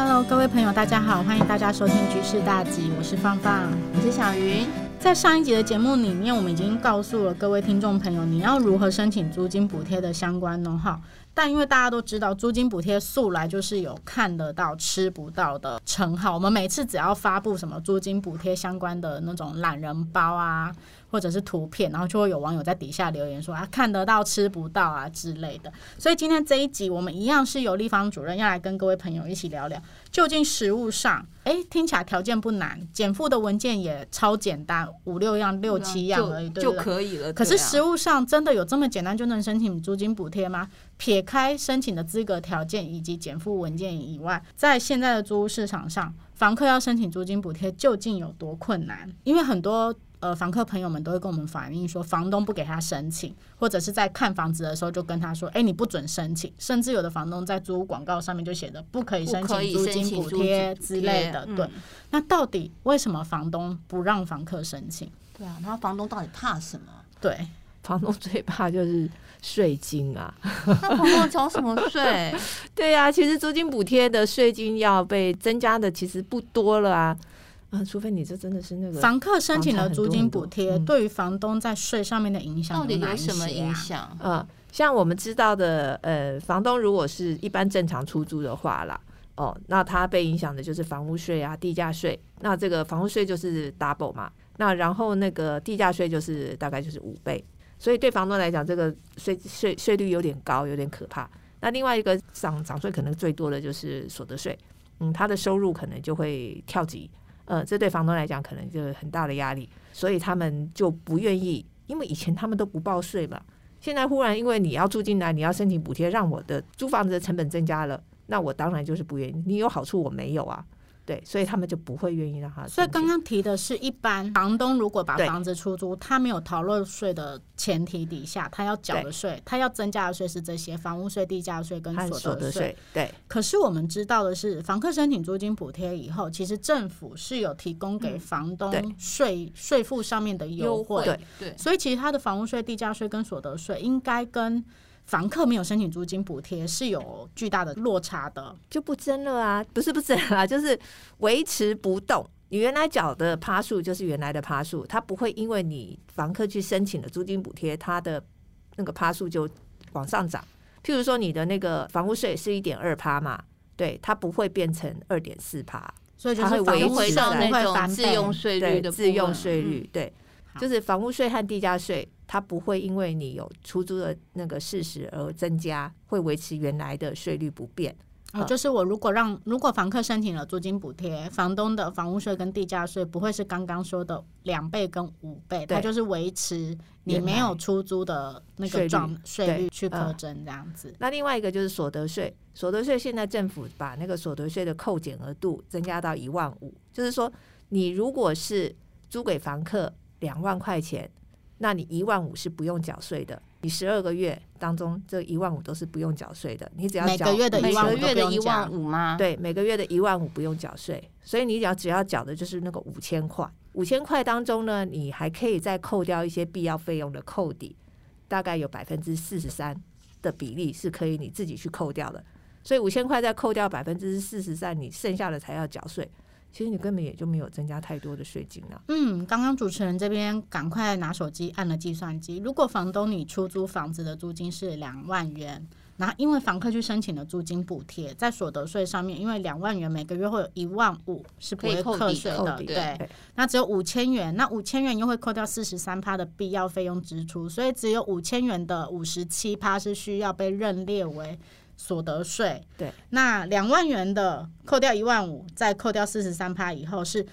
Hello，各位朋友，大家好，歡迎大家收聽《局勢大吉》，我是芳芳，我是小雲。在上一集的節目裡面，我們已經告訴了各位聽眾朋友，你要如何申請租金補貼的相關 know how，但因為大家都知道，租金補貼素來就是有看得到吃不到的稱號。我們每次只要發布什麼租金補貼相關的那種懶人包啊。或者是圖片，然後就會有網友在底下留言說啊，看得到吃不到啊之類的。所以今天這一集我們一樣是由馮麗芳主任要來跟各位朋友一起聊聊，究竟實務上，哎，聽起來條件不難，減負的文件也超簡單，五六樣六七樣而已、嗯、就，對對就，就可以了。啊、可是實務上真的有這麼簡單就能申請租金補貼嗎？撇開申請的資格條件以及減負文件以外，在現在的租屋市場上，房客要申請租金補貼究竟有多困難？嗯、因為很多。呃，房客朋友們都會跟我們反映說，房東不給他申請，或者是在看房子的時候就跟他說：“哎、欸，你不准申請。”甚至有的房東在租屋廣告上面就寫著“不可以申請租金補貼”之類的。對，那到底為什麼房東不讓房客申請？對啊，那房東到底怕什麼？對，房東最怕就是稅金啊。 那房東繳什麼稅？對呀、啊，其實租金補貼的稅金要被增加的其實不多了啊。嗯、呃，除非你這真的是那個房，很多很多、嗯、房客申請了租金補貼，對於房東在稅上面的影響到底有什麼影響？呃、嗯，像我們知道的，呃，房東如果是一般正常出租的話啦，哦，那他被影響的就是房屋稅啊、地價稅。那這個房屋稅就是 double 嘛，那然後那個地價稅就是大概就是五倍。所以對房東來講，這個稅稅稅率有點高，有點可怕。那另外一個漲漲稅可能最多的就是所得稅。嗯，他的收入可能就會跳級。呃、嗯，這對房東來講可能就是很大的壓力，所以他們就不願意。因為以前他們都不報稅嘛，現在忽然因為你要住進來，你要申請補貼，讓我的租房子的成本增加了，那我當然就是不願意。你有好處我沒有啊。對，所以他們就不會願意讓他。所以剛剛提的是一般房東如果把房子出租，他沒有逃漏稅的前提底下，他要繳的稅，他要增加的稅是這些房屋稅、地價稅跟所得稅，所得稅。對。可是我們知道的是，房客申請租金補貼以後，其實政府是有提供給房東稅、嗯、稅負上面的優惠。對。所以其實他的房屋稅、地價稅跟所得稅應該跟。房客沒有申請租金補貼是有巨大的落差的。就不爭了啊？不是不是啊，就是維持不動。你原來繳的趴數就是原來的趴數，它不會因為你房客去申請了租金補貼，它的那個趴數就往上漲。譬如說，你的那個房屋稅是一點二趴嘛，對，它不會變成二點四趴，所以就是回到那種自用稅率的自用稅率、嗯，對，就是房屋稅和地價稅。它不會因為你有出租的那個事實，而增加，會維持原來的稅率不變。哦、呃啊，就是我如果讓如果房客申請了租金補貼，房東的房屋稅跟地價稅不會是剛剛說的兩倍跟五倍，它就是維持你沒有出租的那個稅狀稅率，率去課徵這樣子。呃。那另外一個就是所得稅，所得稅現在政府把那個所得稅的扣減額度增加到一萬五，就是說你如果是租給房客兩萬塊錢。那你一萬五是不用繳稅的，你十二個月當中這一萬五都是不用繳稅的，你只要繳每個月的一萬五嗎？對，每個月的一萬五不用繳稅，所以你只要繳的就是那個五千塊，五千塊當中呢，你還可以再扣掉一些必要費用的扣抵，大概有百分之四十三的比例是可以你自己去扣掉的，所以五千塊再扣掉百分之四十三，你剩下的才要繳稅。其實你根本也就沒有增加太多的稅金了啊。嗯，剛剛主持人這邊趕快拿手機按了計算機。如果房東你出租房子的租金是兩萬元，然後因為房客去申請的租金補貼，在所得稅上面，因為兩萬元，每個月會有一萬五是不會可以扣稅的，對，那只有五千元，那五千元又會扣掉四十三趴的必要費用支出，所以只有五千元的五十七趴是需要被認列為。所得稅對，那兩萬元的扣掉一萬五，再扣掉四十三趴以後是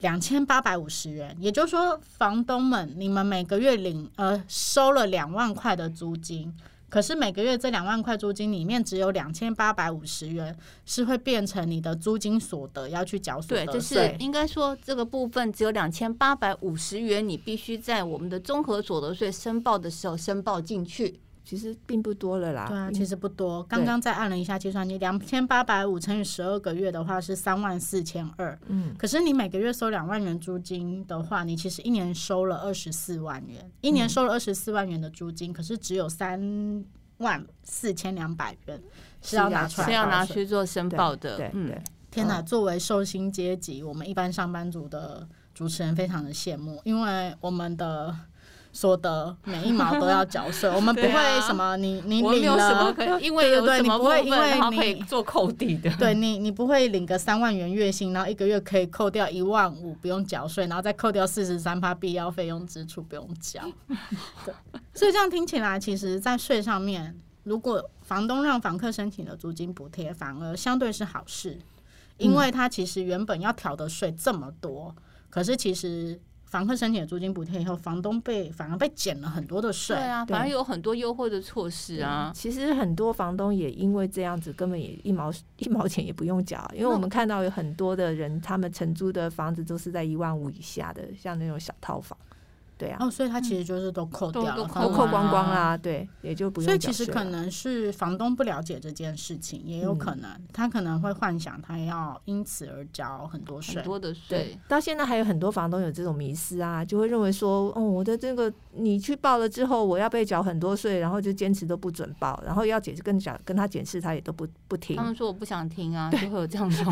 兩千八百五十元。也就是說，房東們，你們每個月領呃收了兩萬塊的租金，可是每個月這兩萬塊租金裡面只有兩千八百五十元是會變成你的租金所得，要去繳所得稅。對，就是應該說這個部分只有兩千八百五十元，你必須在我們的綜合所得稅申報的時候申報進去。其實並不多了啦。對啊，其實不多。剛、嗯、剛再按了一下計算機，兩千八百五乘以十二個月的話是三萬四千二。嗯。可是你每個月收兩萬元租金的話，你其實一年收了二十四萬元，一年收了二十四萬元的租金，嗯、可是只有三萬四千兩百元是要，是要拿出來，是要拿去做申報的。對，對嗯、對天哪！作為受薪階級，我們一般上班族的主持人非常的羨慕，因為我們的。所得每一毛都要繳稅，我們不會什麼你、 啊、你，你領了，有什麼因為有什麼，對，對，對你不會，因為你可以做扣抵的，對，你你不會領個三萬元月薪，然後一個月可以扣掉一萬五，不用繳稅，然後再扣掉四十三趴必要費用支出，不用繳。對 所以這樣聽起來，其實，在稅上面，如果房東讓房客申請的租金補貼，反而相對是好事，因為他其實原本要繳的稅這麼多、嗯，可是其實。房客申請了租金補貼以後，房東被反而被減了很多的稅，對啊，反而有很多優惠的措施啊、嗯。其實很多房東也因為這樣子，根本也一毛一毛錢也不用繳，因為我們看到有很多的人，嗯、他們承租的房子都是在一萬五以下的，像那種小套房。對啊，哦，所以他其實就是都扣掉，都、嗯啊、扣光光啊，啊，對，也就不用了。所以其實可能是房東不了解這件事情，也有可能、嗯、他可能會幻想他要因此而繳很多稅，很多的稅對。對，到現在還有很多房東有這種迷思啊，就會認為說，哦，我的這個你去報了之後，我要被繳很多稅，然後就堅持都不准報，然後要解釋更講跟，跟他解釋，他也都不不聽。他們說我不想聽啊，就會有這樣子。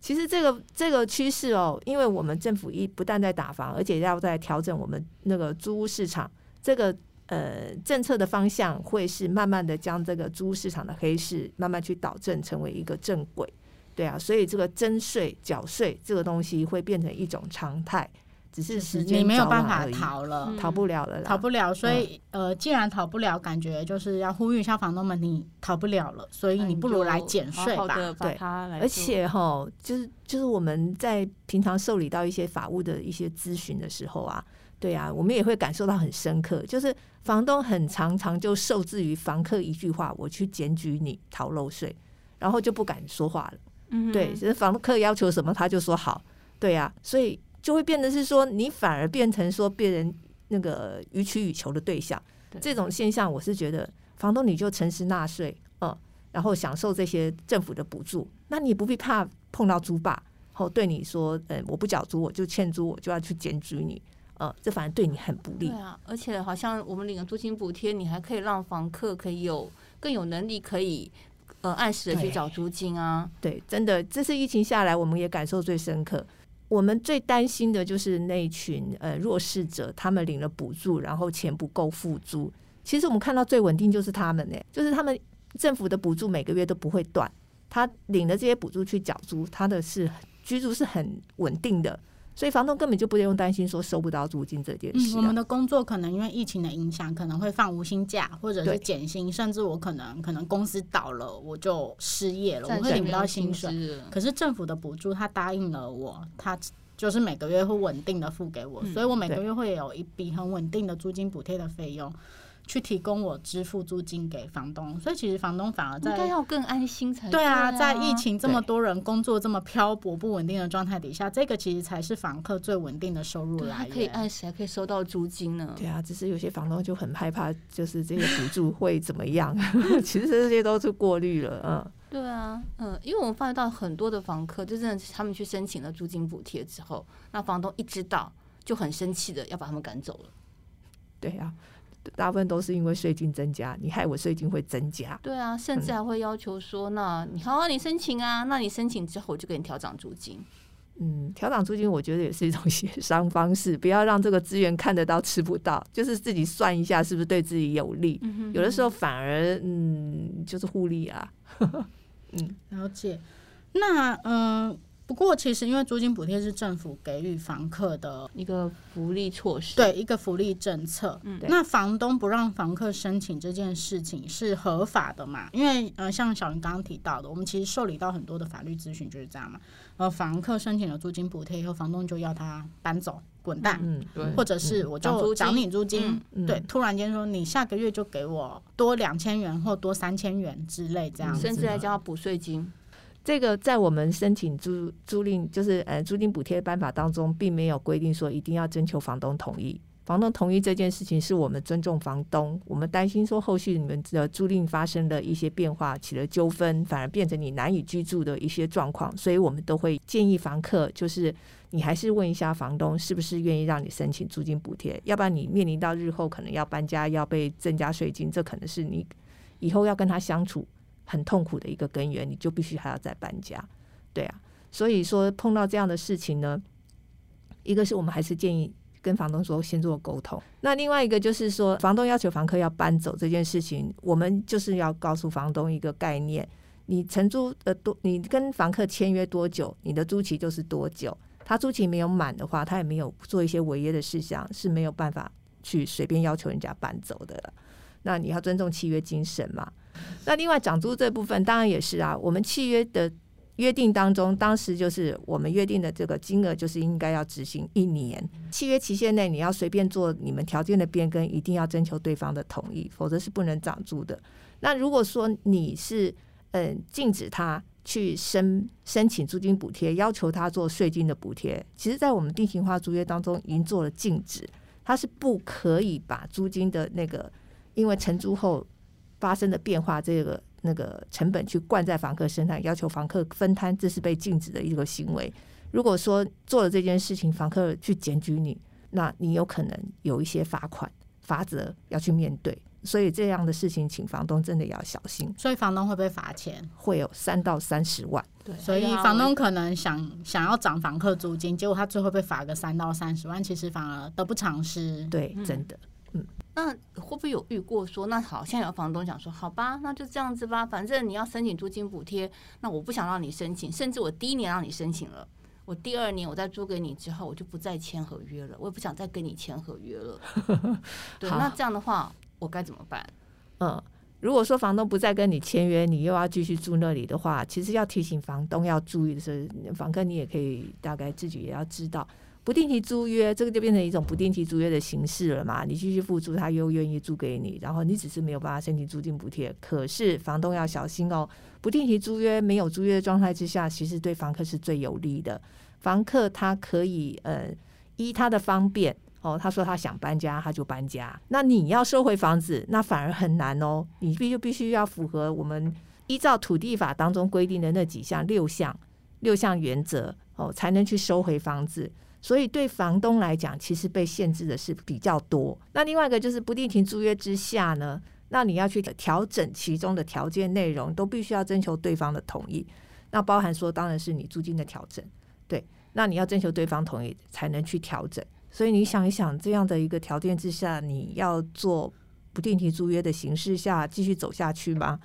其實這個這個趨勢哦，因為我們政府一不但在打房，而且要在調整我們。那個租屋市場，這個呃政策的方向會是慢慢的將這個租屋市場的黑市慢慢去導正，成為一個正軌，對啊，所以這個徵稅繳稅這個東西會變成一種常態，只是時間是是你沒有辦法逃了，逃不了了，逃不了。所以、嗯、呃，既然逃不了，感覺就是要呼籲一下房東們，你逃不了了，所以你不如來減稅吧，嗯、好好對。而且哈、哦，就是就是我們在平常受理到一些法務的一些諮詢的時候啊。對呀、啊，我們也會感受到很深刻，就是房東很常常就受制於房客一句話，我去檢舉你逃漏稅，然後就不敢說話了。嗯、對，就是房客要求什麼他就說好。對啊，所以就會變得是說你反而變成說別人那個予取予求的對象。對這種現象，我是覺得房東你就誠實納稅，嗯，然後享受這些政府的補助，那你不必怕碰到租霸然後對你說，嗯，我不繳租我就欠租，我就要去檢舉你。這反而對你很不利。對啊，而且好像我們領了租金補貼，你還可以讓房客可以有更有能力，可以呃按時的去繳租金啊。對。對，真的，這次疫情下來，我們也感受最深刻。我們最擔心的就是那群呃弱勢者，他們領了補助，然後錢不夠付租。其實我們看到最穩定就是他們呢，就是他們政府的補助每個月都不會斷，他領了這些補助去繳租，他的是居住是很穩定的。所以房東根本就不用擔心說收不到租金這件事啊。嗯，我們的工作可能因為疫情的影響，可能會放無薪假，或者是減薪，甚至我可能可能公司倒了，我就失業了，我會領不到薪水。可是政府的補助他答應了我，他就是每個月會穩定的付給我，嗯，所以我每個月會有一筆很穩定的租金補貼的費用。去提供我支付租金給房東，所以其實房東反而在應該要更安心才對啊，對啊。在疫情這麼多人工作這麼漂泊不穩定的狀態底下，這個其實才是房客最穩定的收入來源，可以按時還可以收到租金呢。對啊，只是有些房東就很害怕，就是這個補助會怎麼樣？ 其實這些都是過濾了嗯、啊，對啊，嗯、呃，因為我們發現到很多的房客，就真的是他們去申請了租金補貼之後，那房東一知道就很生氣的要把他們趕走了。對啊。大部分都是因為稅金增加，你害我稅金會增加。對啊，甚至還會要求說，嗯、那你好好，你申請啊，那你申請之後我就給你調漲租金。嗯，調漲租金我覺得也是一種協商方式，不要讓這個資源看得到吃不到，就是自己算一下是不是對自己有利。嗯哼嗯哼，有的時候反而嗯，就是互利啊。 嗯，了解。那嗯。呃不過，其實因為租金補貼是政府給予房客的一個福利措施對，對一個福利政策，嗯。那房東不讓房客申請這件事情是合法的嘛？因為呃，像小云剛剛提到的，我們其實受理到很多的法律諮詢就是這樣嘛。呃，房客申請了租金補貼以後，房東就要他搬走、滾蛋、嗯，或者是我就漲、嗯、你租金、嗯嗯，對，突然間說你下個月就給我多兩千元或多三千元之類這樣子、嗯，甚至還叫他補稅金。這個在我們申請租租,租賃，就是呃租金補貼的辦法當中，並沒有規定說一定要徵求房東同意。房東同意這件事情，是我們尊重房東。我們擔心說後續你們的租賃發生了一些變化，起了糾紛，反而變成你難以居住的一些狀況，所以我們都會建議房客，就是你還是問一下房東，是不是願意讓你申請租金補貼，要不然你面臨到日後可能要搬家，要被增加稅金，這可能是你以後要跟他相處。很痛苦的一個根源，你就必須還要再搬家，對啊。所以說碰到這樣的事情呢，一個是我們還是建議跟房東說先做溝通。那另外一個就是說，房東要求房客要搬走這件事情，我們就是要告訴房東一個概念：你承租呃多，你跟房客簽約多久，你的租期就是多久。他租期沒有滿的話，他也沒有做一些違約的事項，是沒有辦法去隨便要求人家搬走的了。那你要尊重契約精神嘛。那另外漲租這部分當然也是啊，我們契約的約定當中，當時就是我們約定的這個金額就是應該要執行一年，契約期限內你要隨便做你們條件的變更，一定要徵求對方的同意，否則是不能漲租的。那如果說你是，嗯，禁止他去申申請租金補貼，要求他做稅金的補貼，其實在我們定型化租約當中已經做了禁止，他是不可以把租金的那個，因為承租後。發生的變化，這個那個成本去灌在房客身上，要求房客分攤，這是被禁止的一個行為。如果說做了這件事情，房客去檢舉你，那你有可能有一些罰款罰則要去面對。所以這樣的事情，請房東真的要小心。所以房東會被罰會錢，會有三到三十萬。對，所以房東可能想想要漲房客租金，結果他最後被罰個三到三十萬，其實反而得不償失。對，真的。嗯嗯，那會不會有遇過說，那好像有房東講說，好吧，那就這樣子吧，反正你要申請租金補貼，那我不想讓你申請，甚至我第一年讓你申請了，我第二年我再租給你之後，我就不再簽合約了，我也不想再跟你簽合約了。 對，那這樣的話我該怎麼辦？嗯，如果說房東不再跟你簽約，你又要繼續住那裡的話，其實要提醒房東要注意的是，房客你也可以大概自己也要知道。不定期租約，這個就變成一種不定期租約的形式了嘛，你繼續付租，他又願意租給你，然後你只是沒有辦法申請租金補貼。可是房東要小心哦，不定期租約沒有租約的狀態之下，其實對房客是最有利的。房客他可以呃依他的方便哦，他說他想搬家，他就搬家。那你要收回房子，那反而很難哦。你必就必須要符合我們依照土地法當中規定的那幾項、六項、六項原則哦，才能去收回房子。所以，對房東來講，其實被限制的是比較多。那另外一個就是不定期租約之下呢，那你要去調整其中的條件內容，都必須要徵求對方的同意。那包含說，當然是你租金的調整，對，那你要徵求對方同意才能去調整。所以你想一想，這樣的一個條件之下，你要做不定期租約的形式下繼續走下去嗎？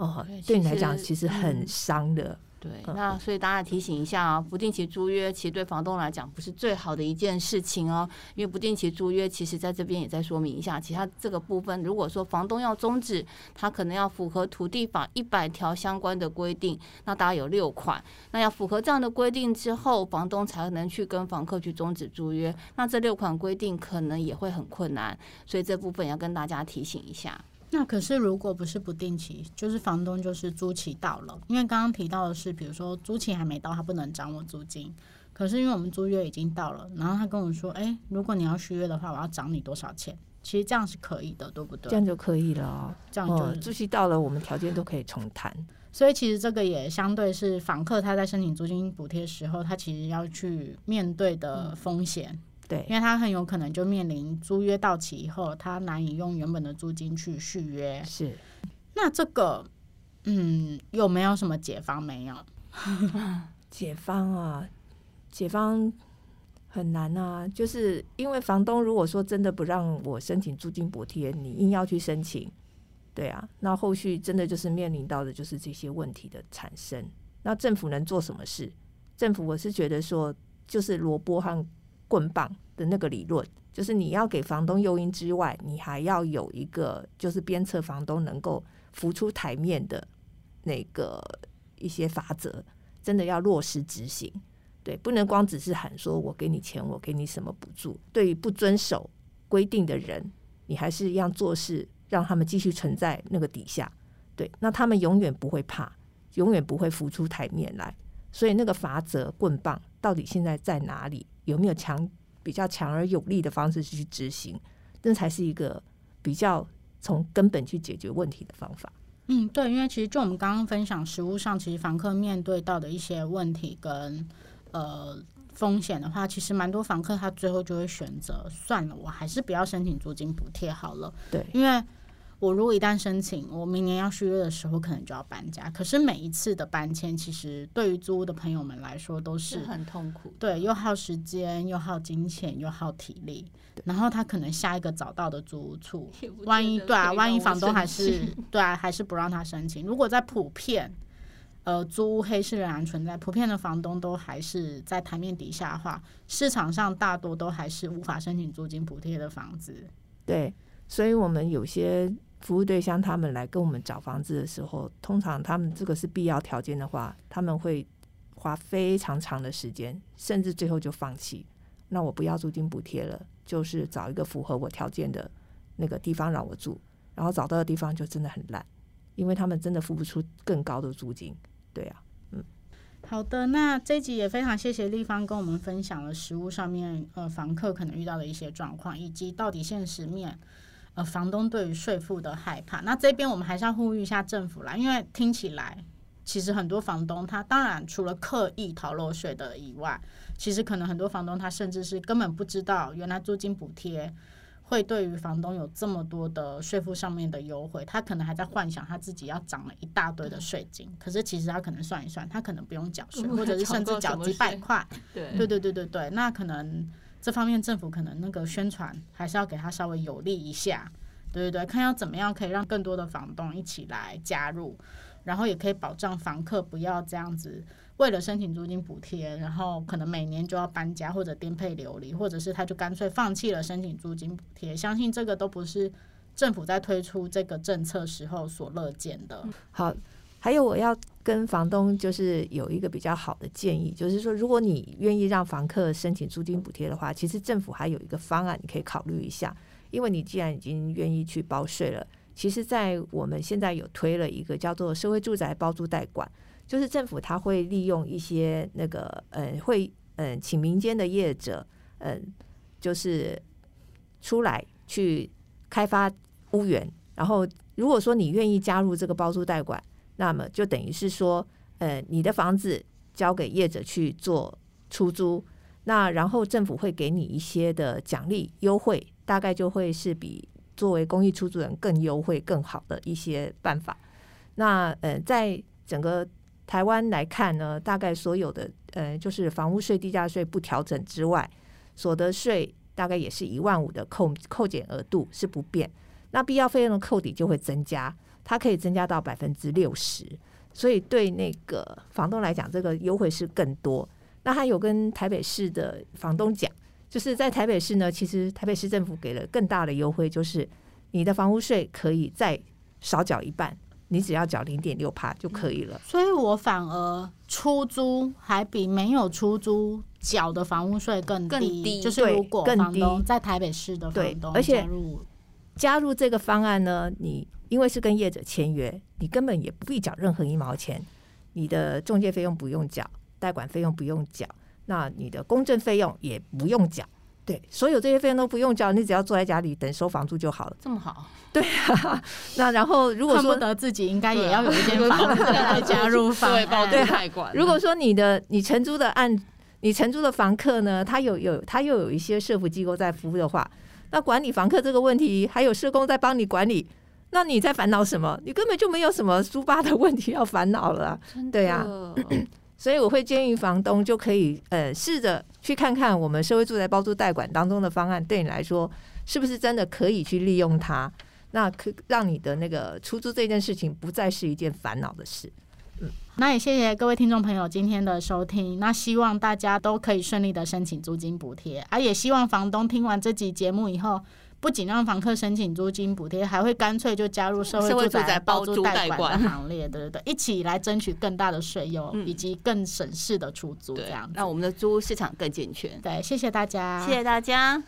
哦，對你來講其實很傷的。嗯、對，那所以大家提醒一下啊，不定期租約其實對房東來講不是最好的一件事情哦。因為不定期租約，其實在這邊也在說明一下，其他這個部分，如果說房東要終止，他可能要符合土地法一百條相關的規定，那大概有六款，那要符合這樣的規定之後，房東才能去跟房客去終止租約。那這六款規定可能也會很困難，所以這部分要跟大家提醒一下。那可是，如果不是不定期，就是房東就是租期到了。因為剛剛提到的是，比如說租期還沒到，他不能漲我租金。可是因為我們租約已經到了，然後他跟我說，哎、欸，如果你要續約的話，我要漲你多少錢？其實這樣是可以的，對不對？這樣就可以了、哦。這樣就是哦、租期到了，我們條件都可以重談。所以其實這個也相對是房客他在申請租金補貼時候，他其實要去面對的風險。嗯對，因為他很有可能就面臨租約到期以後，他難以用原本的租金去續約。是，那這個，嗯，有沒有什麼解方？沒有 解方啊，解方很難啊，就是因為房東如果說真的不讓我申請租金補貼，你硬要去申請，對啊，那後續真的就是面臨到的就是這些問題的產生。那政府能做什麼事？政府我是覺得說，就是蘿蔔和。棍棒的那個理論，就是你要給房東誘因之外，你還要有一個就是鞭策房東能夠浮出台面的那個一些法則，真的要落實執行。對，不能光只是喊說“我給你錢，我給你什麼補助”，對於不遵守規定的人，你還是要做事，讓他們繼續存在那個底下。對，那他們永遠不會怕，永遠不會浮出台面來。所以那個法則棍棒到底現在在哪裡？有沒有強比較強而有力的方式去執行，這才是一個比較從根本去解決問題的方法。嗯，對，因為其實就我們剛剛分享，實務上其實房客面對到的一些問題跟呃風險的話，其實蠻多房客他最後就會選擇算了，我還是不要申請租金補貼好了。對，因為，我如果一旦申請，我明年要續約的時候，可能就要搬家。可是每一次的搬遷，其實對於租屋的朋友們來說都，都是很痛苦。對，又耗時間，又耗金錢，又耗體力。然後他可能下一個找到的租屋處，萬一對啊，萬一房東還是對啊，還是不讓他申請。 如果在普遍，呃，租屋黑市仍然存在，普遍的房東都還是在台面底下的話，市場上大多都還是無法申請租金補貼的房子。對，所以我們有些。服務對象他們來跟我們找房子的時候，通常他們這個是必要條件的話，他們會花非常長的時間，甚至最後就放棄。那我不要租金補貼了，就是找一個符合我條件的那個地方讓我住。然後找到的地方就真的很爛，因為他們真的付不出更高的租金。對啊，嗯。好的，那這集也非常謝謝麗芳跟我們分享了實務上面呃，房客可能遇到的一些狀況，以及到底現實面，呃，房東對於稅負的害怕，那這邊我們還是要呼籲一下政府啦，因為聽起來其實很多房東他當然除了刻意逃漏稅的以外，其實可能很多房東他甚至是根本不知道原來租金補貼會對於房東有這麼多的稅負上面的優惠，他可能還在幻想他自己要漲了一大堆的稅金，可是其實他可能算一算，他可能不用繳稅，或者是甚至繳幾百塊，對，對對對對對，那可能。這方面政府可能那個宣傳還是要給他稍微有利一下，對對對，看要怎麼樣可以讓更多的房東一起來加入，然後也可以保障房客不要這樣子為了申請租金補貼，然後可能每年就要搬家或者顛沛流離，或者是他就乾脆放棄了申請租金補貼。相信這個都不是政府在推出這個政策時候所樂見的。好。還有，我要跟房東就是有一個比較好的建議，就是說，如果你願意讓房客申請租金補貼的話，其實政府還有一個方案，你可以考慮一下。因為你既然已經願意去包稅了，其實，在我們現在有推了一個叫做“社會住宅包租代管”，就是政府他會利用一些那個，嗯，會嗯，請民間的業者，嗯，就是出來去開發屋源，然後如果說你願意加入這個包租代管。那麼就等於是說，呃，你的房子交給業者去做出租，那然後政府會給你一些的獎勵優惠，大概就會是比作為公益出租人更優惠、更好的一些辦法。那呃，在整個台灣來看呢，大概所有的呃，就是房屋稅、地價稅不調整之外，所得稅大概也是一萬五的扣扣減額度是不變，那必要費用的扣抵就會增加。它可以增加到百分之六十，所以對那個房東來講，這個優惠是更多。那他有跟台北市的房東講，就是在台北市呢，其實台北市政府給了更大的優惠，就是你的房屋稅可以再少繳一半，你只要繳零點六趴就可以了，嗯。所以我反而出租還比沒有出租繳的房屋稅更低，更低就是如果更低，房東在台北市的房東加入，對而且加入這個方案呢，你。因為是跟業者簽約，你根本也不必繳任何一毛錢，你的中介費用不用繳，代管費用不用繳，那你的公證費用也不用繳，對，所有這些費用都不用繳，你只要坐在家裡等收房租就好了。這麼好？對啊。那然後如果說得自己應該也要有一間房子，啊，來加入房 對對，對包括如果說你的你承租的案你承租的房客呢，他有有他又有一些社福機構在服務的話，那管理房客這個問題還有社工在幫你管理，那你在煩惱什麼？你根本就沒有什麼租霸的問題要煩惱了，對呀、啊。所以我會建議房東就可以呃試着去看看我們社會住宅包租代管當中的方案，對你來說是不是真的可以去利用它？那可讓你的那個出租這件事情不再是一件煩惱的事。嗯，那也謝謝各位聽眾朋友今天的收聽。那希望大家都可以順利的申請租金補貼，啊，也希望房東聽完這集節目以後。不僅讓房客申請租金補貼，還會乾脆就加入社會住宅包租代管的行列，對對對，一起來爭取更大的稅優、嗯、以及更省事的出租，這樣讓我們的租屋市場更健全。對，謝謝大家，謝謝大家。